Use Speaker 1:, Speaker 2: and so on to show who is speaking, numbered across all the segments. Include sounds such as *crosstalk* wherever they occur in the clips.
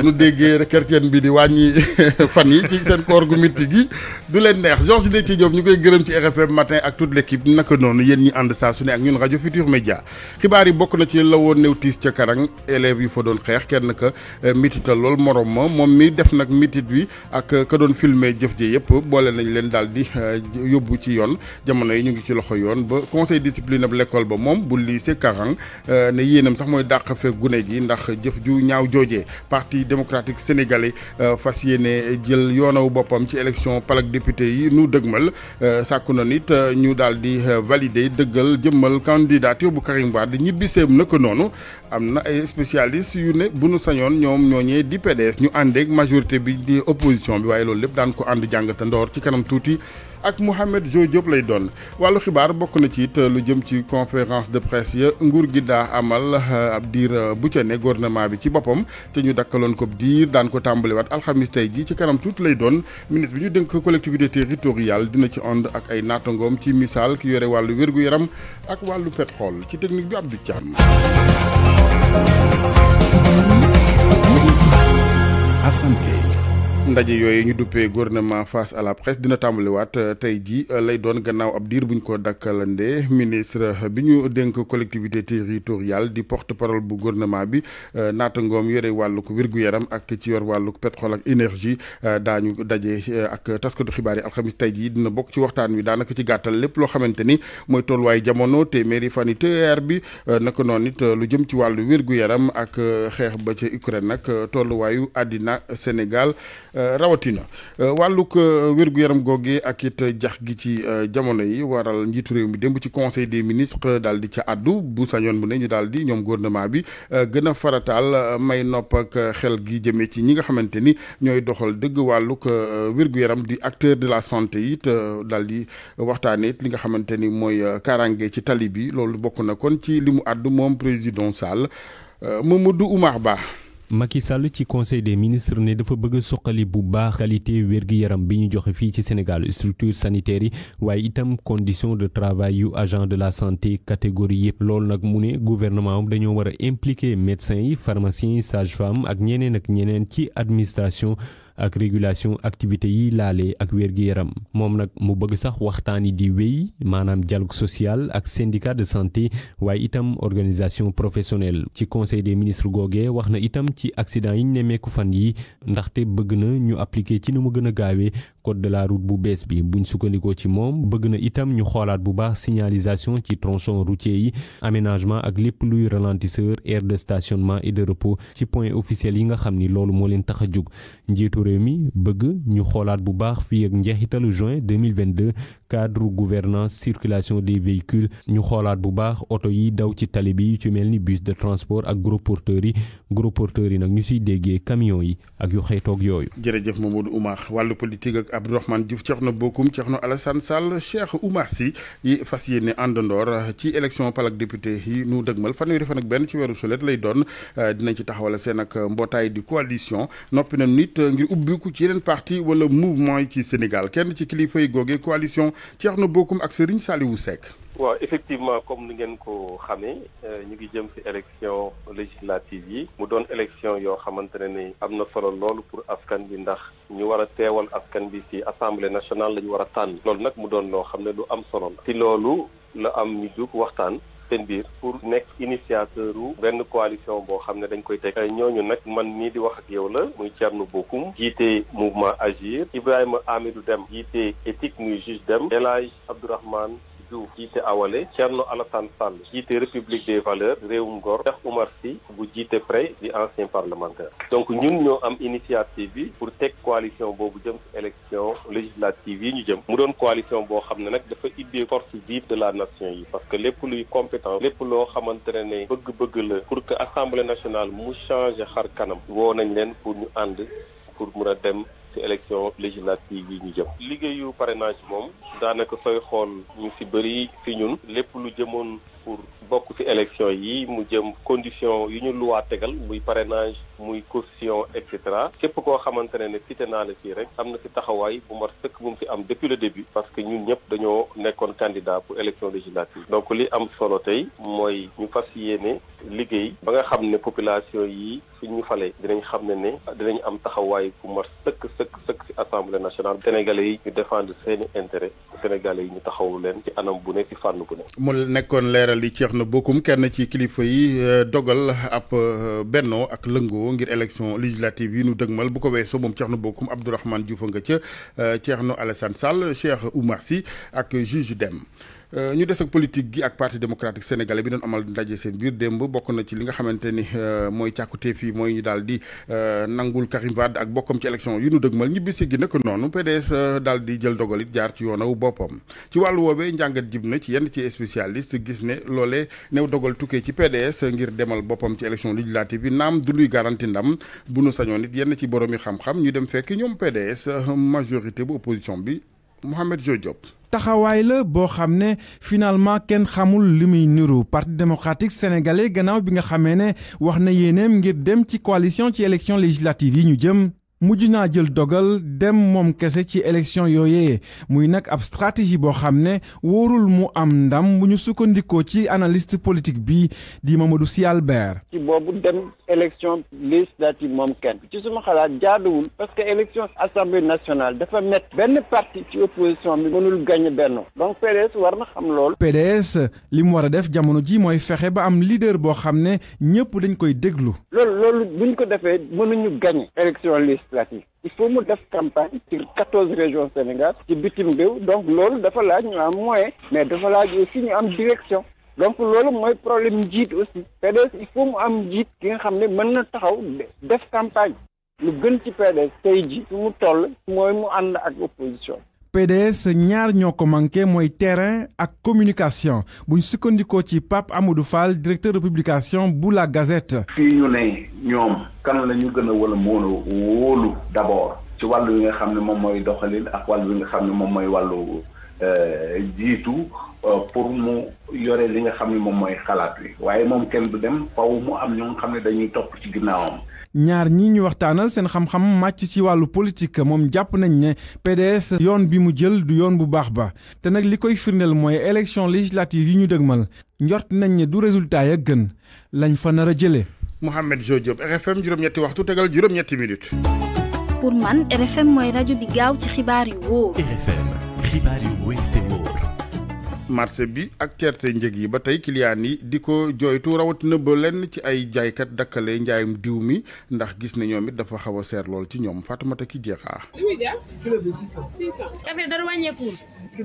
Speaker 1: nu déggee kerteen bi di wàññi *laughs* fan yi ci seen koor gu mitti gi du leen neex Georges Déthié Diop ñu koy gërëm ci RFM matin ak toute l' équipe naka noonu yéen ñi ànd saa su ne ak ñun rajo Futur Média xibaar yi bokk na ci la woon néew tiis ca Karang élèves yu fa doon xeex kenn ka eh, mitital lool morom ma moom mi def nag mitit bi ak eh, ka doon filmer jëf ji yëpp boole nañ leen daal di eh, yóbbu ci yoon jamono yi ñu ngi ci loxo yoon ba conseil discipline ab l'école ba moom bu lycée Karang ne yéenam sax mooy dàq fee gune gi ndax jëf ju ñaaw joojee parti démocratique sénégalais euh, fas yéene jël yoonaw boppam ci élection palak député yi nu dëgmal euh, sàkku na nit euh, ñu daal di valider dëggal jëmmal candidature bu Karim Wade ñibbiseem naka noonu am na ay spécialistes yu ne bu nu sañoon ñoom ñooñee di PDS ñu àndeek majorité bi di opposition bi waaye loolu lépp daan ko ànd jàngata ndoor ci kanam tuuti ak Mouhamed Jo Diop lay doon wàllu xibaar bokk na ci it lu jëm ci conférence de presse ya nguur gi daa amal euh, ab diir euh, bu ca ne gouvernement bi ci boppam te ñu dakkaloon ko diir daan ko tàmbaliwaat alxamis tey ji ci kanam tuuti lay doon ministre bi ñu dénk collectivité territoriale dina ci ond ak ay naatangoom ci misaal ki yore wàllu wérgu yaram ak wàllu pétrole ci technique bi Abdou Thiam Assane Gueye ndaje yooyu ñu duppee gouvernement face à la presse dina tàmbaliwaat euh, tey jii euh, lay doon gannaaw ab diir bu ñu ko dakkalande ministre euh, bi ñu dénk collectivité territoriale di porte parole bu gouvernement bi naata ngoom yore wàllu ko gu yaram ak ci yor wàllug pétrole ak énergie daañu daje ak taskatu xibaar yi alxamis tey jii dina bokk ci waxtaan wi daanaka ci gàttal lépp loo xamante ni mooy tolluwaay jamono téeméeri fan yi TER bi naka noonu it lu jëm ci wàllu wér yaram ak xeex ba ca Ukraine nag tolluwaayu àddina Sénégal. Euh, rawatina euh, wàllug euh, wér-gu-yaram googe ak it jax gi ci jamono yi waral njiitu réew mi démb ci conseil des ministre daal di ca àddu bu sañoon mu ne ñu daal di ñoom gouvernement bi gën a farataal may nopp ak xel gi jëmee ci ñi nga xamante ni ñooy doxal dëgg wàllug wér-gu-yaram di acteur de la santé it daal di waxtaanee it li nga xamante ni mooy kaaraange ci tali bi loolu bokk na kon ci li mu àddu moom président Sall du Oumar baax
Speaker 2: Macky Sall ci conseil des ministre ne dafa bëgg a bu baax qualité wér-gu-yaram bi ñu joxe fii ci Sénégal structure sanitaire yi waaye itam condition de travail yu agent de la santé catégorie yëpp loolu nag mu ne gouvernement am dañoo war a impliquer médecins yi pharmaciens yi sage-femme ak ñeneen ak ñeneen ci administration ak régulation activité yi laale ak wér-gi-yaram moom nag mu bëgg sax waxtaan yi di wéy maanaam dialogue sociale ak syndicat de santé waaye itam organisation professionnelle ci conseil des ministres googee wax na itam ci accident yi ñu nemmeeku fan yi ndaxte bëgg na ñu appliquer ci nu mu gën a gaawee code de la route bu bees bi buñ sukkandikoo ci moom bëgg na itam ñu xoolaat bu baax signalisation ci tronçon routier yi aménagement ak lépp luy ralentisseur aire de stationnement et de repos ci point officiel yi nga xam ni loolu moo leen tax a jóg réew mi bëgg ñu xoolaat bu baax fii ak njeexitalu juin 2022 cadre gouvernance circulation de véhicules ñu xoolaat bu baax oto yi daw ci tali bi ci mel ni bus de transport ak gros porteurs yi gros porteurs yi nag ñu siy déggee camions yi ak yu xeetoog yooyu.
Speaker 1: jërëjëf Mamadou Oumar wàllu politique ak Abdourahmane Diouf Thierno Bocoum Thierno Alassane Sall Cheikh Oumar Sy yi fas yéene àndandoor ci élection palak député yi nu dëgmal fanweeri fan ak benn ci weeru solet lay doon dinañ ci taxawal seen ak mbootaay di coalition ubbiku ci yeneen partie wala mouvement yi ci Sénégal kenn ci kilifa yi googee coalition na bokkum ak Serigne wu Seck.
Speaker 3: waaw effectivement comme ni ngeen ko xamee euh, ñu ngi jëm ci élection législative yi mu doon élection yoo xamante ne ni am na solo loolu pour askan bi ndax ñu war a teewal askan bi ci assemblée nationale la ñu war a tànn loolu nag mu doon loo xam ne lu am solo la ci loolu la am ñu jóg waxtaan seen biir pour nekk initiateur benn coalition boo xam ne dañ koy teg euh, ñooñu nag man mii di wax ak yow la muy Thierno Bocoum jiite mouvement Agir Ibrahima Amidou Dem jiite éthique muy juge Dem El Hadj Diouf jiite awale Thierno Alassane Sall jiite république des valeurs réewum ngor Cheikh Oumar Sy bu jiite PREI di ancien parlementaire donc ñun ñoo am initiative bi pour teg coalition boobu jëm ci élection législative yi ñu jëm mu doon coalition boo xam ne nag dafa ibbee force vive de la nation yi parce que lépp luy compétence lépp loo xamante ne bëgg-bëgg la pour que assemblée nationale mu changer xar kanam woo nañ leen pour ñu ànd pour mun a dem ci élection législative yi ñu jëm. liggéeyu pare parrainage moom daanaka sooy xool ñu ci bëri ci ñun lépp lu jëmoon pour bokk ci élection yi mu jëm condition yu ñu luwaa tegal muy parrainage muy caution et cetera képp koo xamante ne ne cité naa la fii rek am na ci taxawaay bu mat sëkk bu mu fi am depuis le début parce que ñun ñëpp dañoo nekkoon candidat pour élection législative donc li am solo tey mooy ñu fas yéene liggéey ba nga xam ne population yi su ñu falee dinañ xam ne ne dinañ am taxawaay bu mat sëkk sëkk sëkk ci assemblée nationale sénégalais yi ñu défendre seeni intérêt yi ñu taxawu leen ci anam bu ne ci fànn
Speaker 1: leeral li Thierno Bocoum kenn ci kilifa yi euh, dogal ab euh, bennoo ak lëngoo ngir élection législative yi nu dëgmal bu ko weesoo moom Thierno Bocoum Abdourahmane Diouf nga ca ceex euh, Thierno Alassane Sall Cheikh Oumar Sy ak juge Deme Euh, ñu des ak politique gi ak parti démocratique sénégale bi doon amal ndaje seen biir démb bokk na ci li nga xamante ni euh, mooy càkkutee fii mooy ñu daal di euh, nangul Karim Wade ak bokkam ci élection yu nu dëgmal ñibbisi gi nag noonu PDS daal di jël dogalit jaar ci yoonaw boppam ci wàllu woowee njàngat jib na ci yenn ci spécialiste gis ne loole new dogal tukkee ci PDS ngir demal boppam ci élection législative bi naam du luy garanti ndam bu nu sañoon it yenn ci boroomi xam-xam ñu dem fekk ñoom PDS majorité bu opposition bi Mouhamed Jo Diop
Speaker 4: taxawaay la boo xam ne finalement kenn xamul li muy niru parti démocratique sénégalais gannaaw bi nga xamee ne wax na yéeneem ngir dem ci coalition ci élection législative yi ñu jëm mujj naa jël dogal dem moom kese ci élection yooyee muy nag ab stratégie boo xam ne wóorul mu am ndam bu ñu sukkandikoo ci analyste politique bi di Mamadou Sy Albert.
Speaker 5: ci boobu dem élection législative moom kenn ci suma xalaat jaaduwul parce que élection assemblée nationale dafa met benn parti ci opposition bi mënul gagné benn donc PDS war na xam lool
Speaker 4: PDS li mu war a def jamono ji mooy fexe ba am leader boo xam ne ñëpp dañ koy déglu.
Speaker 5: lool loolu buñ ko defee mënuñu gagné élection liste. législative il faut mu def campagne ci quatorze régions Sénégal ci bitim réew donc loolu dafa laaj ñu am moyen mais dafa laaj aussi ñu am direction donc loolu mooy problème njiit aussi PDS il faut mu am njiit ki nga xam ne mën na taxaw def campagne lu gën ci PDS tey ji su mu toll mooy mu ànd ak opposition
Speaker 4: PDS ñaar ñoo ko manqué mooy terrain ak communication buñ sukkandikoo ci Pape Amadou Fall directeur de publication bu la Gazette.
Speaker 5: fii ñu ne ñoom kan la ñu gën a wala moon wóolu d'abord ci wàllu wi nga xam ne moom mooy doxaliin ak wàllu yi nga xam ne moom mooy wàllu euh, jiitu euh, pour mu yore li nga xam ne moom mooy xalaat wi waaye moom kenn bu dem faw mu am ñoo nga xam ne dañuy topp ci ginnaawam.
Speaker 4: ñaar ñi ñu waxtaanal seen xam-xam màcc ci wàllu politique moom jàpp nañ ne PDS yoon bi mu jël du yoon bu baax ba te nag li koy firndeel mooy élection législative yi ñu dëgmal njort nañ ne du résultat
Speaker 1: ya gën lañ fa nar a jëlee. Mouhamed Jo Diop RFM juróom waxtu tegal juróom-ñetti minutes. pour man RFM mooy rajo bi gaaw ci xibaar xibaar yu wóor. marché bi ak certe njëg yi ba tey kiliyaan yi di ko jooytu rawatina ba lenn ci ay jaaykat dakkale njaayum diw mi ndax gis ne ñoom it dafa xaw a seer lool ci ñoom Fatoumata ki jeexaa.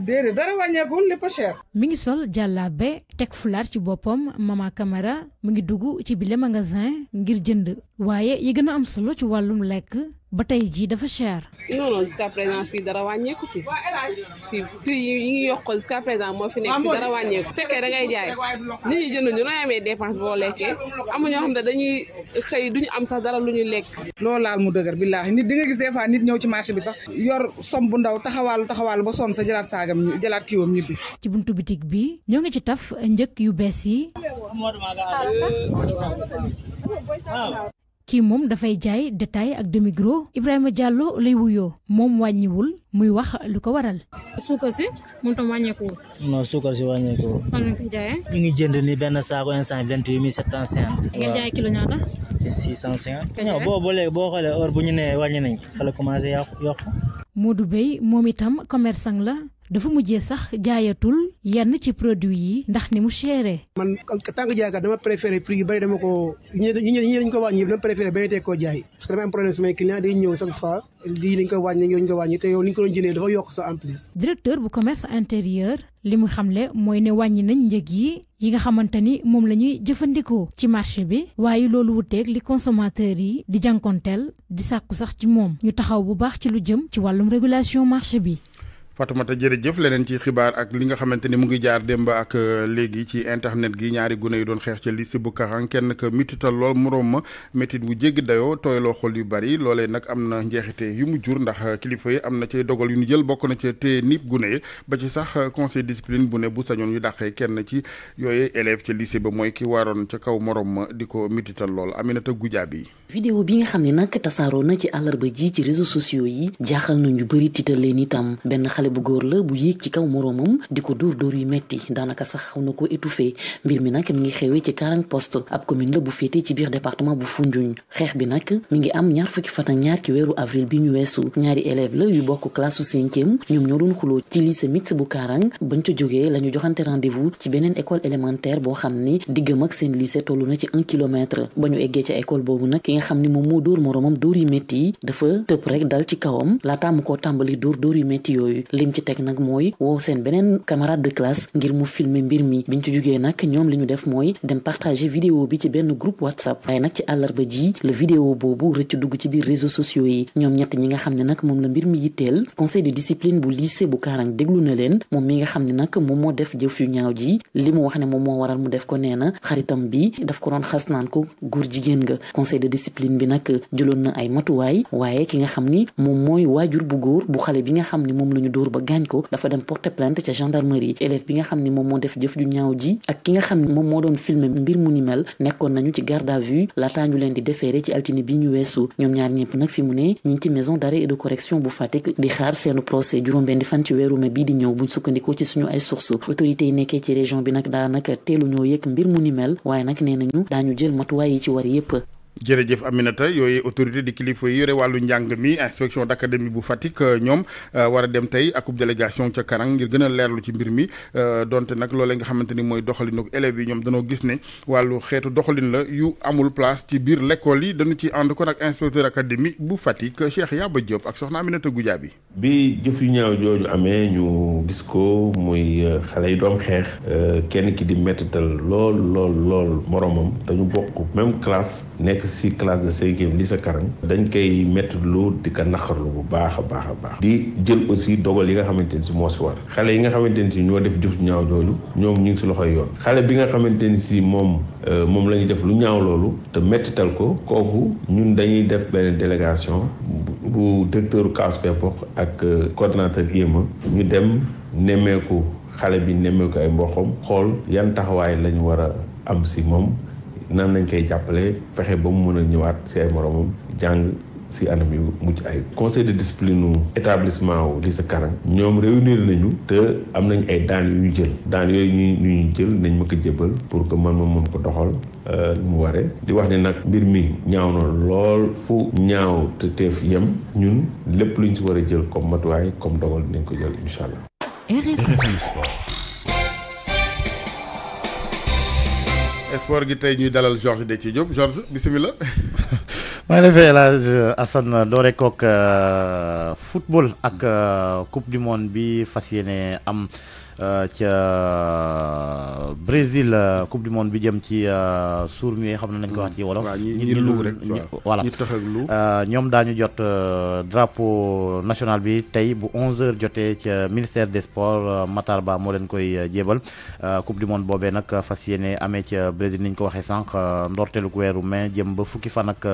Speaker 6: déedéet dara wàññeekul lépp cher. mi ngi sol jàllaabe teg fulaar ci boppam mama Camara mu ngi dugg ci bile magasin ngir jënd waaye yi gën a am solo ci wàllum lekk ba tey jii dafa cher.
Speaker 7: non non jusqu'à présent fii dara wàññeeku fi fii prix yi ñu ngi yokk jusqu'à présent moo fi nekk fi dara wàññeeku. fekkee da ngay jaay nit ñi jënd ñu nooy amee dépense boo lekkee amuñoo xam ne dañuy xëy ñu am sax dara lu ñu lekk. loolu laal mu dëgër billaahi nit di nga gis des nit ñëw ci marché bi sax yor som bu ndaw taxawaalu taxawaalu ba sonn sa jëlaat saagam ñu jëlaat
Speaker 6: ci buntu bitig bi ñoo ngi ci taf njëkk yu bees yi. kii moom dafay jaay détail ak demi gros Ibrahima Diallo lay wuyoo moom wàññiwul muy wax lu ko waral. suukar si moom tam wàññeekuwul.
Speaker 7: non suukar si wàññeekuwul. fan nga ñu ngi jënd ni benn saako instant vingt huit mille sept cent cinquante. ngeen jaay kilo ñaata. ba léegi boo xoolee heure bu ñu nee wàññi nañ fa la commencé yàqu yokku.
Speaker 6: Modou moom itam commerçant la. dafa mujjee sax jaayatul yenn ci produit yi ndax ni mu chéré.
Speaker 2: man tànk jaaykat dama préféré prix yu bëri dama ko ñi ñi dañ ko wàññi yëpp dama préféré bañ a teg koo jaay parce que dama am samay client day ñëw sax fois lii dañ ko wàññi dañ ko wàññi te yow ni ñu ko doon jëndee dafa yokk sa en plus.
Speaker 6: directeur bu commerce intérieur li mu xamle mooy ne wàññi nañ njëg yi yi nga xamante ni moom la ñuy jëfandikoo ci marché bi waaye loolu wuteeg li consommateur yi di jànkonteel di sàkku sax ci moom ñu taxaw bu baax ci lu jëm ci wàllum régulation marché bi
Speaker 1: Fatoumata jërëjëf leneen ci xibaar ak li nga xamante ni mu ngi jaar démb ak euh, léegi ci internet gi ñaari gune yu doon xeex ca lycée bu Karang kenn ka mitital lool moroom ma métit bu jéggi dayoo tooyloo xool yu bari loolee nag am na njeexite yu mu jur ndax euh, kilifa yi am na cay dogal yu ñu jël bokk na ca te nit gune ba ci sax euh, conseil discipline bu ne bu sañoon ñu dàqee kenn ci yooye élève ca lycée ba mooy ki waroon ca kaw moroom ma di ko mitital lool Aminata Goudiaby
Speaker 8: vidéo bi nga xam ne nag tasaaroo na ci àllarba ji ci réseaux sociaux yi jaaxal nañu bëri tiital leen itam benn xale bu góor la bu yéeg ci kaw moroomam di ko dóor dóor yu metti daanaka sax xaw na ko étouffé mbir mi nag mi ngi xewee ci Karang Poste ab commune la bu féetee ci biir département bu Foundiougne xeex bi nag mi ngi am ñaar fukki fan ñaar ci weeru avril bi ñu weesu ñaari élève la yu bokk classe cinquième ñoom ñoo doon xuloo ci lycée mixte bu Karang bañ jógee la ñu joxante rendez ci beneen école élémentaire boo xam ni diggam ak seen lycée tollu na ci un kilomètre ba eggee ca école boobu nag nga xam ni moom moo dóor moroomam dóor yu métti yi dafa tëb rek dal ci kawam laataa mu koo tàmbali dóor dóor yu métti yooyu lim teg nag mooy woow seen beneen camarade de classe ngir mu filmer mbir mi biñ ci jugee nag ñoom li ñu def mooy dem partager vidéo bi ci benn groupe whatsapp waaye nag ci àllarba ji la vidéo boobu rëcc dugg ci biir réseaux sociaux yi ñoom ñett ñi nga xam ne nag moom la mbir mi yitteel conseil de discipline bu lycée bu Karang déglu na mi nga xam ne nag moom moo def jëf yu ñaaw ji li mu wax ne moom moo waral mu def ko nee na xaritam bi daf ko doon xas naan ko góor jigéen nga discipline bi nag jëloon na ay matuwaay waaye ki nga xam ni moom mooy waajur bu góor bu xale bi nga xam ni moom la ñu dóor ba gaañ ko dafa dem porter plainte ca gendarmerie élève bi nga xam ni moom moo def jëf ju ñaaw ji ak ki nga xam ni moom moo doon filmer mbir mu ni mel nekkoon nañu ci garde à vue laataa ñu leen di déférer ci altine bi ñu weesu ñoom ñaar ñëpp nag fi mu ne ñi ci maison d'arrêt et de correction bu Fatick di xaar seenu procès juróom-benn di ñëw
Speaker 1: jërëjëf Aminata yooyu autorité di kilifa yi yore wàllu njàng mi inspection d'académie bu Fatick euh, ñoom euh, war a dem tey akub délégation ca Karang ngir gën a leerlu ci mbir mi euh, donte nag loolee nga xamante ni mooy doxalinu élèves yi ñoom danoo gis ne wàllu xeetu doxalin la yu amul place ci biir lekkool yi dañu ci ànd kon ak inspecteur académie bu Fatick Cheikh Yaba Diop ak soxna Aminata Goudia bi bi
Speaker 5: jëf yu ñaaw jooju amee ñu gis ko muy xale yi doom xeex kenn ki di mettital lool lool lool moromam dañu bokk si classe de cinquième sa Karang dañ koy métti lu di naqarlu bu baax a baax a baax di jël aussi dogal yi nga xamante ni si moo si war xale yi nga xamante ni si ñoo def jëf ñaaw loolu ñoom ñu ngi si loxoy yoon xale bi nga xamante ni si moom euh, moom la def lu ñaaw loolu te méttital ko kooku ñun dañuy def benn délégation bu directeur CAS PEPOC ak euh, coordonnateur IEMA ñu dem nemmeeku xale bi nemmeeku ay mboqam xool yan taxawaay lañu war a am si moom naan nañ koy jàppale fexe ba mu mën a ñëwaat si ay moromam jàng si anam yu mucc ay conseil de discipline u établissement wu lycée Karang ñoom réunir nañu te am nañ ay daan yu ñu jël daan yooyu ñu ñu jël nañ ma ko jébal pour que man ma mën ko doxal euh, nu mu waree di wax ne nag mbir mi ñaaw na lool fu ñaaw te teef yem ñun lépp luñ si war a jël comme matuwaay comme dogal dinañ ko jël incha allah
Speaker 1: sport gi tey ñuy dalal Georges Déthié Diop Georges bisimilah.
Speaker 9: *laughs* maa ngi lay fay El Hadj Assane doore kook euh, football ak euh, coupe du monde bi fas yéene am. Euh, ca euh, Brésil euh, coupe du monde bi jëm ci suur mi xam ne nañ ko wax ci wolof. waaw ñi lu rek voilà ñoom daañu jot drapeau national bi tey bu 11 jotee ca ministère des sports Matar Ba moo leen koy jébal coupe du monde boobee nag fas yéene amee ca Brésil niñ ko waxee sànq ndorteelu weeru mai jëm ba fukki fan ak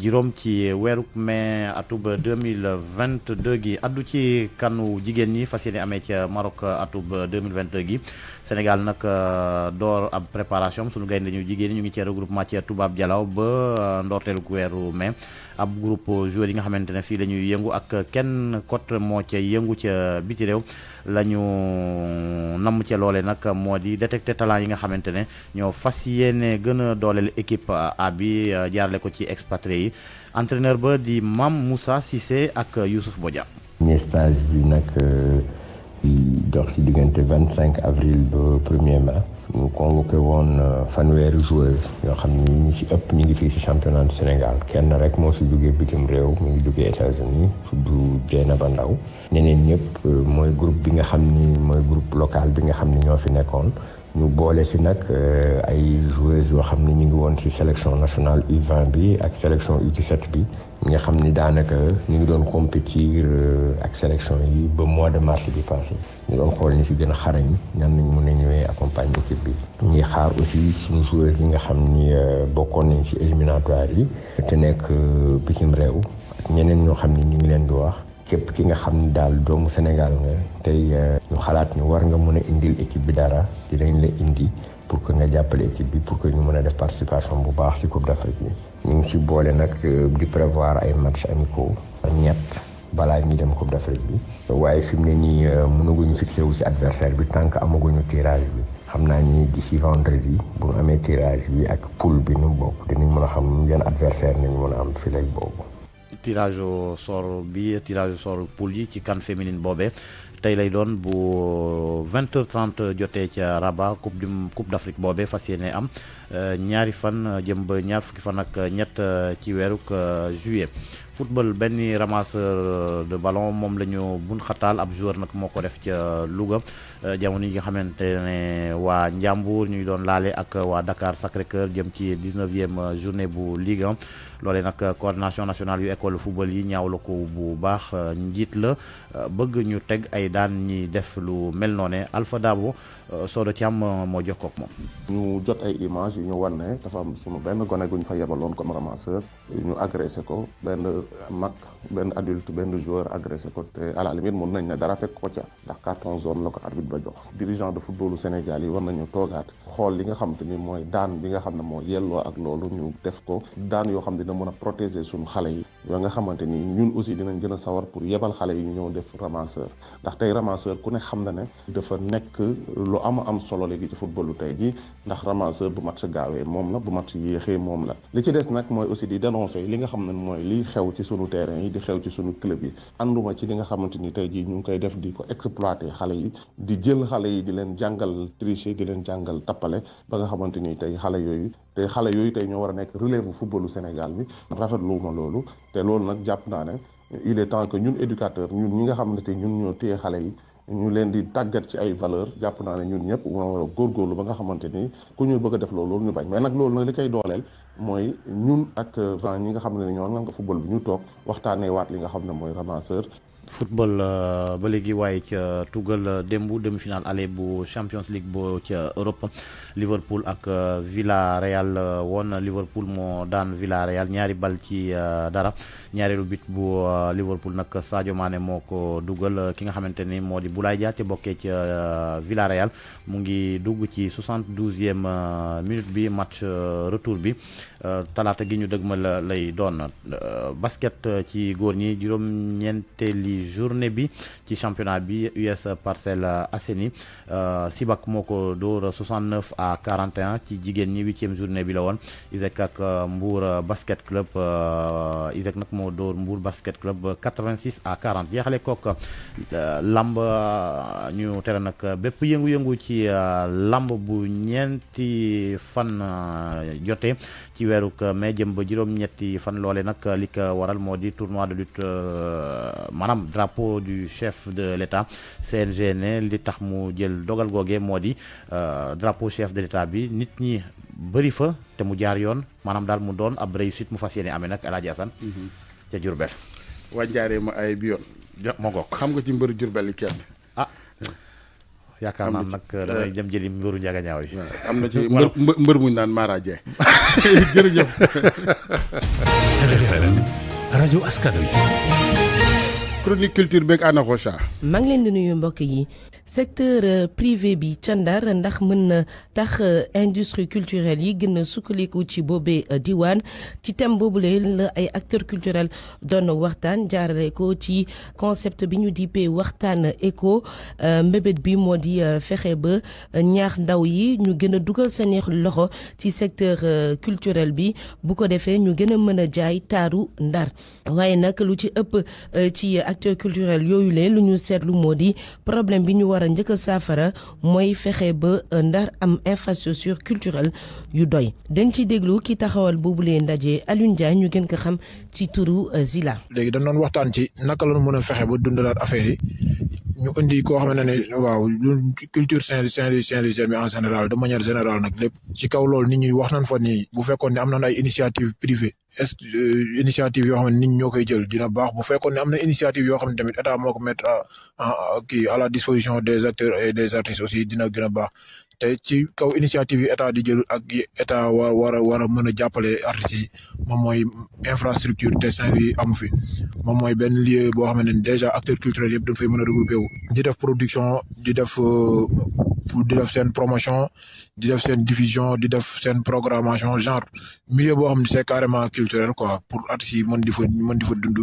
Speaker 9: juróom ci weeru mai atub 2022 gi addu ci kanu jigéen ñi fas yéene amee ca Maroc atub. ba 2022 gi Sénégal nag euh, door ab préparation suñu gaynde ñu jigéen ñu ngi ci regroupement ci Toubab Dialaw ba euh, ndorteelu weeru mai ab groupe joueur yi nga xamante ne fii la yëngu ak kenn côté moo ca yëngu ca biti réew la ñu namm ca loole nag moo di détecter talent yi nga xamante ne ñoo fas yéene gën a dooleel équipe A bi euh, jaarale ko ci expatrié yi entraîneur ba di Mame Moussa Cissé ak Youssouf Bodia.
Speaker 10: stage bi nag. dox si diggante vingt cinq avril ba premier mai ñu convoqué woon euh, fanweeri joueuse yoo xam ni ñu si ëpp ñu ngi fii ci championnat Sénégal kenn rek moo ci jógee bitim réew mu ngi jógee États-Unis na ba Ndaw ñeneen ñëpp euh, mooy groupe bi nga xam ni mooy groupe locale bi nga xam ni ñoo fi nekkoon ñu boole si nag euh, ay joueuses yoo xam ne ñu ngi woon si sélection nationale u bi ak sélection U17 bi nga xam ni daanaka ñu ngi doon compétir euh, ak sélection yi ba mois de mars bi passé ñu doon xool ñi si gën a xarañ ñan nañ mën a ñëwee accompagner équipe bi. ñuy xaar aussi suñu yi nga xam ni euh, bokkoon nañ si éliminatoire yi te nekk bitim réew ñeneen ñoo xam ni ñu ngi leen di wax. képp ki nga xam ni daal doomu Sénégal nga tey euh, ñu xalaat ni war nga mën a indil équipe bi dara dinañ la indi pour que nga jàppale équipe bi pour que ñu mën a def participation bu baax ci Coupe d'Afrique bi. ñu ngi ci boole nag euh, di prévoir ay matchs amicaux ñett balaa ñuy dem Coupe d'Afrique bi. waaye fi mu ne nii euh, mënaguñu fixé wu ci adversaire bi tànk amaguñu tirage bi xam naa ni d'ici vendredi bu ñu amee tirage bi ak poule bi nu bokk dinañ mën a xam yan adversaire nañu mën a am fi lay boobu.
Speaker 9: tirage au bi tirage au sort poule ci CAN féminine boobee tey lay doon bu 20h30 jotee ca Rabat coupe du coupe d'Afrique boobee fas yéene am euh, ñaari fan jëm ba ñaar fukki fan ak ñett euh, ci weeruk euh, juillet football benn ramasseur de ballon moom lañu ñu bun xataal ab joueur nag moo ko def ca Louga. Euh, jamono ñi nga xamante ne waa Njàmbur ñuy doon laale ak waa Dakar Sacré-Cœur jëm ci 19e journée bu Ligue loole loolee nag coordination nationale yu école football yi ñaawlu ko bu baax euh, njiit la euh, bëgg ñu teg ay daan ñi def lu mel noone Alpha Dabo Sodo Thiam moo jox kook moom. ñu jot ay image yu
Speaker 11: ñu wan ne dafa am sunu benn gone gu ñu fa yebaloon comme ramasseur ñu agressé ko benn mag. benn adulte benn joueur agressé ko te à la limite mun nañ ne dara fekk ko ca ndax carton zone la ko arbitre ba jox dirigeant de footballu Sénégal yi war nañu toogaat xool li nga xam te ni mooy daan bi nga xam ne moo yelloo ak loolu ñu def ko daan yoo xam ne dina mën a protéger suñu xale yi yoo nga xamante ni ñun aussi dinañ gën a sawar pour yebal xale yi ñëw def ramasseur ndax tey ramasseur ku ne xam na ne dafa nekk lu am am solo léegi ci footballu tey ji ndax ramasseur bu match gaawee moom la bu match yéexee moom la li ci des nag mooy aussi di dénoncer li nga xam ne mooy li xew ci sunu terrain yi di xew ci sunu club yi ànduma ci li nga xamante ni tey jii ñu ngi koy def di ko exploiter xale yi di jël xale yi di leen jàngal tricher di leen jàngal tappale ba nga xamante ni tey xale yooyu tey xale yooyu tey ñoo war a nekk relève bu footballu Sénégal bi rafetlu ma loolu te loolu nag jàpp naa ne il est temps que ñun éducateurs ñun ñi nga xamante ñun ñoo téye xale yi ñu leen di tàggat ci ay valeur jàpp naa ne ñun ñëpp moo war a góorgóorlu ba nga xamante ni ku ñu bëgg a def loolu loolu ñu bañ mais nag loolu nag li koy dooleel mooy ñun ak vent ñi nga xam ne ñoo nga football bi ñu toog
Speaker 9: waxtaanee waat li nga xam ne mooy ramasseur football euh, ba léegi waaye ca tugal euh, démb demi-finale aller bu Champions League bo ca Europe Liverpool ak villa euh, Villarreal woon Liverpool moo daan villa Villarreal ñaari bal ci dara ñaareelu bit bu Liverpool nag Sadio Mané moo ko dugal ki nga xamante ni moo di Boulaye Dia te bokkee ca Villarreal mu ngi dugg ci 72e minute bi match retour bi talaata gi ñu la lay doon basket ci góor ñi juróom-ñeenteeli journée bi ci championnat bi US Parcelles Assainies euh, Sibac moo ko dóor 69 à 41 ci jigéen ñi huitième journée bi la woon ISEC ak euh, Mbour basket club euh, ISEC nag moo dóor Mbour basket club 86 à 40 jeexale lamb ñu tere nag bépp yëngu-yëngu ci lamb bu ñeenti fan jotee ci weeruk mai jëm ba juróom-ñetti fan loole nag li ko waral moo di tournoi de lutte euh, maanaam drapeau du chef de l'état CNG ne li tax mu jël dogal googe moo di euh, drapeau chef de l'état bi nit ñi bëri fa te mu jaar yoon maanaam daal mu doon ab réussite mu fas yéene amee nag El Hadj Assane mhm. ca Diourbel. waa
Speaker 1: Ndiarème ay bi yoon. ja moo goog xam nga ci mbëri Diourbel yi kenn. ah yaakaar naa nag uh, damay uh, dem jëli mbëru njagañaaw yi. am na ci *laughs* mbër mbër mu naan Mara Dieng *laughs* jërëjëf. rajo askan wi. chronique culture beeg Anna Rocha.
Speaker 7: maa ngi leen di nuyu mbokk yi. secteur euh, privé bi ca Ndar ndax mën na tax euh, industrie culturelle yi gën a sukkandiku ci boobee euh, diwaan ci thème boobule la ay acteur culturels doon waxtaan jaarale ko ci concept bi ñu dippee waxtaan éco mbébét bi moo di fexe ba ñaax ndaw yi ñu gën a dugal seen loxo ci secteur culturel bi bu ko defee ñu gën a mën a jaay taaru Ndar waaye nag lu ci ëpp ci acteurs culturels yooyu lee lu ñu seetlu moo di problème bi ñu war a njëkk saafara mooy fexe ba euh, ndar am infrastructure culturelle yu doy dañ ci déglu ki taxawal boobu boobulee ndaje Alioune Ndiaye ñu gën ko xam ci turu euh, Zila.
Speaker 12: léegi dañ doon waxtaan ci naka la mën a fexe ba dundalaat affaire yi. ñu indi koo xam ne ne waaw culture Saint-Louis Saint-Louis Saint-Louis général de manière générale nag lépp ci kaw loolu nit wax nañ fa nii bu fekkoon ne am nañ ay initiative privée est euh, initiative yoo xam ne nit ñoo koy jël dina baax bu fekkoon ne am na initiative yoo xam ne tamit état moo ko mettre à kii à la disposition des acteurs et des artistes aussi dina gën a baax te ci kaw initiative yi état di jël ak état wa war war a mën a jàppale artistes yi moom mooy infrastructure te Saint-Louis amu fi moom mooy benn lieu boo xamante ne déjà acteurs culturels yëpp dañ mën a regroupé wu di def production di def euh, di def seen promotion di def seen diffusion di def seen programmation genre milieu boo xam ne c'est carrément culturel quoi pour artistes yi mën di fa mën di fa dund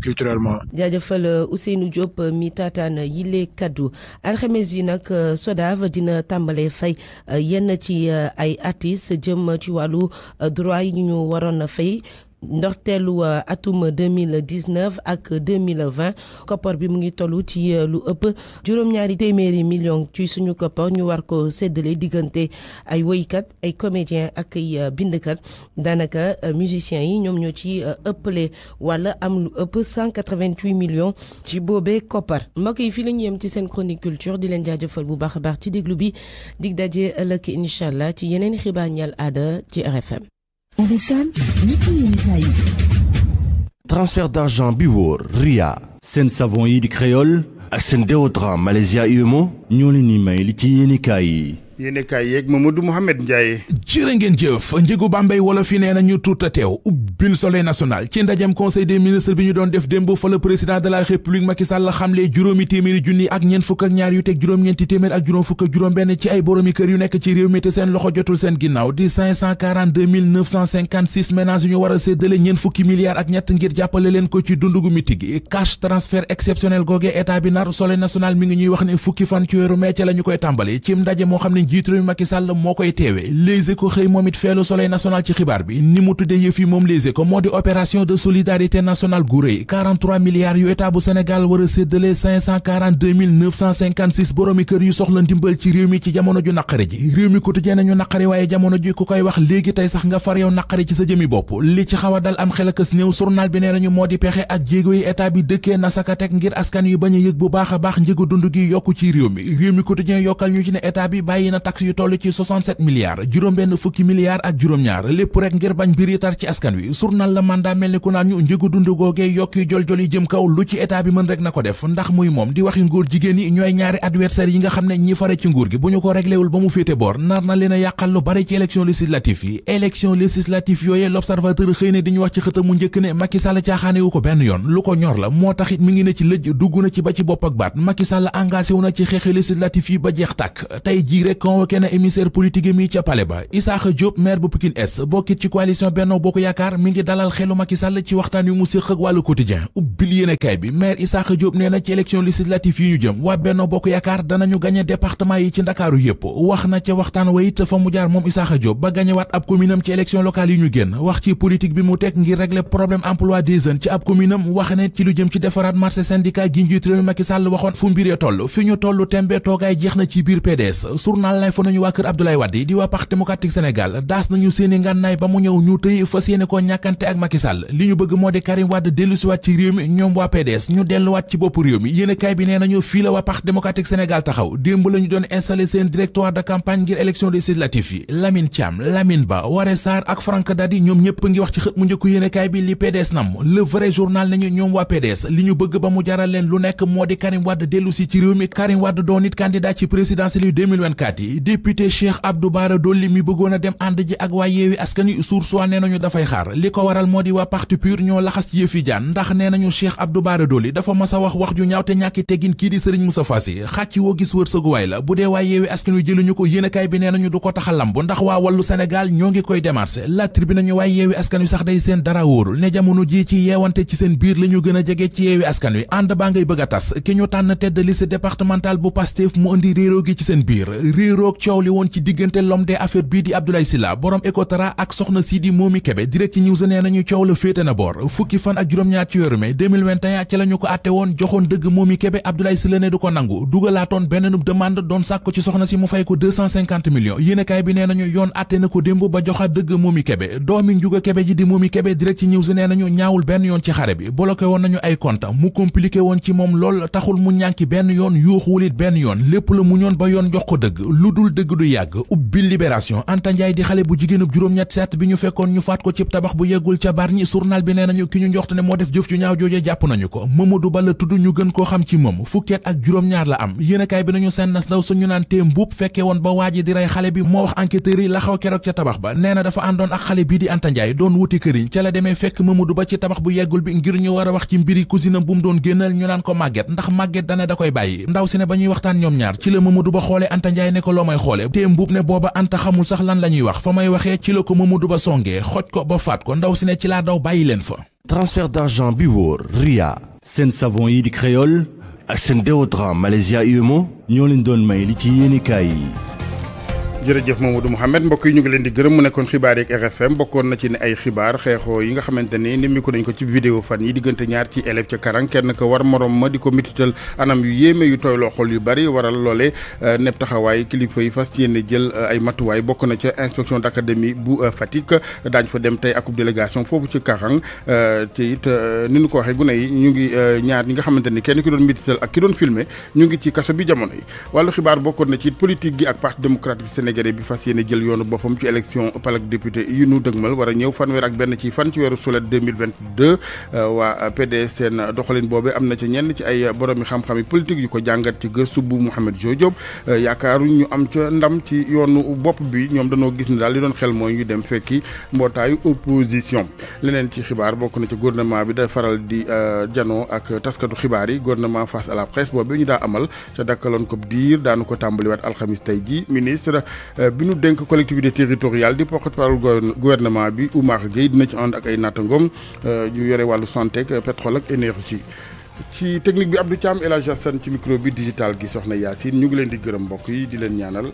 Speaker 11: culturellement.
Speaker 7: jaajëfal euh, Ousseynou Diop euh, mi taataan euh, yile kaddu alxames yi nag SODAV dina tàmbalee fay yenn ci ay artistes jëm ci wàllu droit yi ñu waroon a fay. ndorteelu euh, atum 2019 ak 2020 koppar bi mu ngi tollu ci euh, lu ëpp juróom-ñaari téeméeri million ci suñu koppar ñu war ko séddale diggante ay woykat ay comédien ak ay euh, bindkat daanaka musiciens yi ñoom ñoo ci ëppale wala am lu ëpp 188 millions ci boobe koppar mbokk yi fii la ñu yem ci seen chronique culture di leen jaajëfal bu baax a baax ci déglu bi dig daje ëllëg incha allah ci yeneen xibaar ñal aada ci RFM RFM nit yi
Speaker 5: transfert
Speaker 9: Ria. seen savon yi di créole ak seen déodorant Malaysia UMO ñoo leen di may li ci yéenekaay
Speaker 1: yéene kaay yeeg Mamadou Mouhamed Ndiaye. jërë ngeen jëf
Speaker 12: njëgu Bambey wala fi nee na ñu tuuta teew ubbil soleil national ci ndajem conseil des bi ñu doon def démb fa président de la république Macky Sall xamle juróomi téeméeri junni ak ñeent fukk ñaar yu teg juróom-ñeenti téeméer ak juróom fukk juróom-benn ci ay boroomi kër yu nekk ci réew mi te seen loxo jotul seen ginnaaw di 542 956 ménages yu ñu war a séddale ñeent fukki milliards ak ñett ngir jàppale leen ko ci dundu njiitu réew mi Macky Sall moo koy teewe Les Échos xëy moom it feelu soleil national ci xibaar bi ni mu tuddee yëf yi moom Les Échos moo di opération de solidarité nationale gu rëy 43 yu état bu Sénégal war séddale boroomi kër yu soxla ndimbal ci réew mi ci jamono ju naqari ji réew mi quotidien nañu naqari waaye jamono ji ku koy wax léegi tey sax nga far yow naqari ci sa jëmi bopp li ci xaw dal am xel akës néew journal bi nee nañu moo di pexe a na taxe yu toll ci 67 milliards ak lépp rek ngir bañ mbir tar ci askan wi journal la mandat mel ni ku naan ñu njëgu dund googee yokk yu yi jëm kaw lu ci état bi mën rek na ko def ndax muy moom di waxi nguur jigéen yi ñooy ñaari adversaire yi nga xam ne ñi fare ci nguur gi bu ñu ko réglewul ba mu féete boor nar na leen yàqal lu bari ci élection législative yi élection législative yooyu l'observateur xëy ne di ñu wax ci xëtam mu njëkk convoqué na émissaire politique mi ca palais ba Isaaxa Diop maire bu Pikine Est bokkit ci coalition Benno Bokk Yaakaar mi ngi dalal xelu Macky Sall ci waxtaan yu mu séq ak wàllu ubbil yéenekaay bi maire Isaaxa Diop nee na ci élection législative yi ñu jëm waa Benno Bokk Yaakaar danañu gagné département yi ci Ndakaaru yépp wax na ca waxtaan wa it fa mu moom Isaaxa Diop ba gagnéwaat ab commune am ci élection locale yi ñu génn wax ci politique bi mu teg ngir régler problème emploi des jeunes ci ab commune am wax ne ci na ci journal fa nañu ba mu ñëw ak Macky Dadi ñoom ñëpp ngi wax ci xët mu njëkku yéenekaay bi li PDS nam le journal nañu ñoom waa PDS li ñu bëgg ba mu jaral lu nekk moo di Karim Wade dellusi ci réew mi Karim Wade doon nit candidat ci présidentielle yu yi député Cheikh Abdou Bara mi bëggoon a dem ànd ji ak waa yeewi askan wi suur soi nee nañu dafay xaar li ko waral moo di waa parti pur ñoo laxas ci yëf jaan ndax nee nañu Cheikh Abdou Bara Dolly dafa mas a wax wax ju ñaaw te ñàkki teggin kii di Serigne Moussa Fass yi xàcc woo gis wërsëguwaay la bu dee waa yeewi askan wi jëluñu ko yéenekaay bi nee nañu du ko tax a lamb ndax waa wàllu Sénégal ñoo ngi koy démarché la tribune nañu waa yeewi askan a a tas niroog coow li woon ci diggante l'homme des affaires bii di Abdoulaye Sylla borom Ecotra ak soxna si di Momi Kébé direct ci news nee nañu coow la féete na boor fukki fan ak juróom-ñaar ci weeru mai 2021 ci la ñu ko àtte woon joxoon dëgg Momi Kébé Abdoulaye Sylla ne du ko nangu dugalaatoon bennub demande doon sàkko ci soxna si mu fay ko 250 millions yéenekaay bi nee nañu yoon àtte na ko démb ba joxaat dëgg Momi Kébé doomi Ndiouga Kébé ji di Momi Kébé direct ci news nee nañu ñaawul benn yoon ci xare bi bloqué woon nañu ay compte mu compliqué woon ci moom lool taxul mu ñànki benn yoon yuuxuwulit benn yoon lépp la mu ñoon ba yoon jox ko dëgg lu dul dëgg du yàgg ubbi libération Anta Ndiaye di xale bu jigéenub juróom-ñett seet bi ñu fekkoon ñu faat ko cib tabax bu yeggul ca bar ñi bi nee nañu ki ñu njoxte ne moo def jëf ju ñaaw jooje jàpp nañu ko Mamadou Ba la tudd ñu gën koo xam ci moom fukkeet ak juróom-ñaar la am yéenekaay bi nañu seen nas ndaw suñu naan tée mbuub fekke woon ba waa ji di rey xale bi moo wax enquêteurs yi keroog ca tabax ba nee na dafa àndoon ak xale bii di Anta Ndiaye doon wuti këriñ ca la demee fekk Mamadou Ba ci tabax a wax ci mbiri cousine bu mu doon génnal ko loo may xoole te mbuub ne booba anta xamul sax lan la ñuy wax fa may waxee ci la ko Mamadou Ba songee xoj ko ba faat ko ndaw si ne ci laa daw bàyyi leen fa
Speaker 5: transfert d'argent bi wóor ria seen savon yii di créole ak seen déodorant Malaysia UMO ñoo leen doon may li ci yéenekaay yi
Speaker 1: jërëjëf Mamadou Mouhamed mbokk yi ñu ngi leen di gërëm mu nekkoon xibaar yeeg RFM bokkoon na ci ne ay xibaar xeexoo yi nga xamante ni mi ko nañ ko ci vidéo fan yi diggante ñaar ci élève ca Karang kenn ko war morom ma di ko mitital anam yu yéeme yu tooy loo xol yu bari waral loole euh, nepp taxawaay kilifa yi fas yéene jël euh, ay matuwaay bokk na ca inspection d'académie bu euh, Fatick daañ fa dem tey akub délégation foofu ci Karang te it ni ñu ko waxee gune ñu ngi ñaar ñi nga xamante ni kenn ki doon mitital ak ki ngi ci kaso bi sénégalais bi fas yéene jël yoonu boppam ci élection palak député yu nu dëgmal war a ñëw fanweer ak benn ci fan ci weeru sulet 2022 euh, waa PDS seen doxalin boobe am na ci ñenn ci ay boromi xam yi politique yu ko jàngat ci gëstu bu Mouhamed Diop euh, yaakaaru ñu am ca ndam ci yoonu bopp bi ñoom danoo gis ni daal li doon xel mooy ñu dem fekki mbootaayu opposition leneen ci xibaar bokk na ci gournement bi da faral di euh, janoo ak taskatu xibaar yi gouvernement face à la presse boobu ñu daa amal dakkaloon ko diir daanu ko tàmbaliwaat alxamis tey ji ministre Euh, bi nu dénk collectivité territoriale di porte-parole gouvernement bi Oumar Gueye dina ci ànd ak ay nattangoom ñu euh, yore wàllu santé ak pétrole ak énergie ci technique bi Abdou Thiam El Hadj Assane ci micro bi digital gi soxna Yacine ñu ngi leen di gërëm mbokk yi di leen ñaanal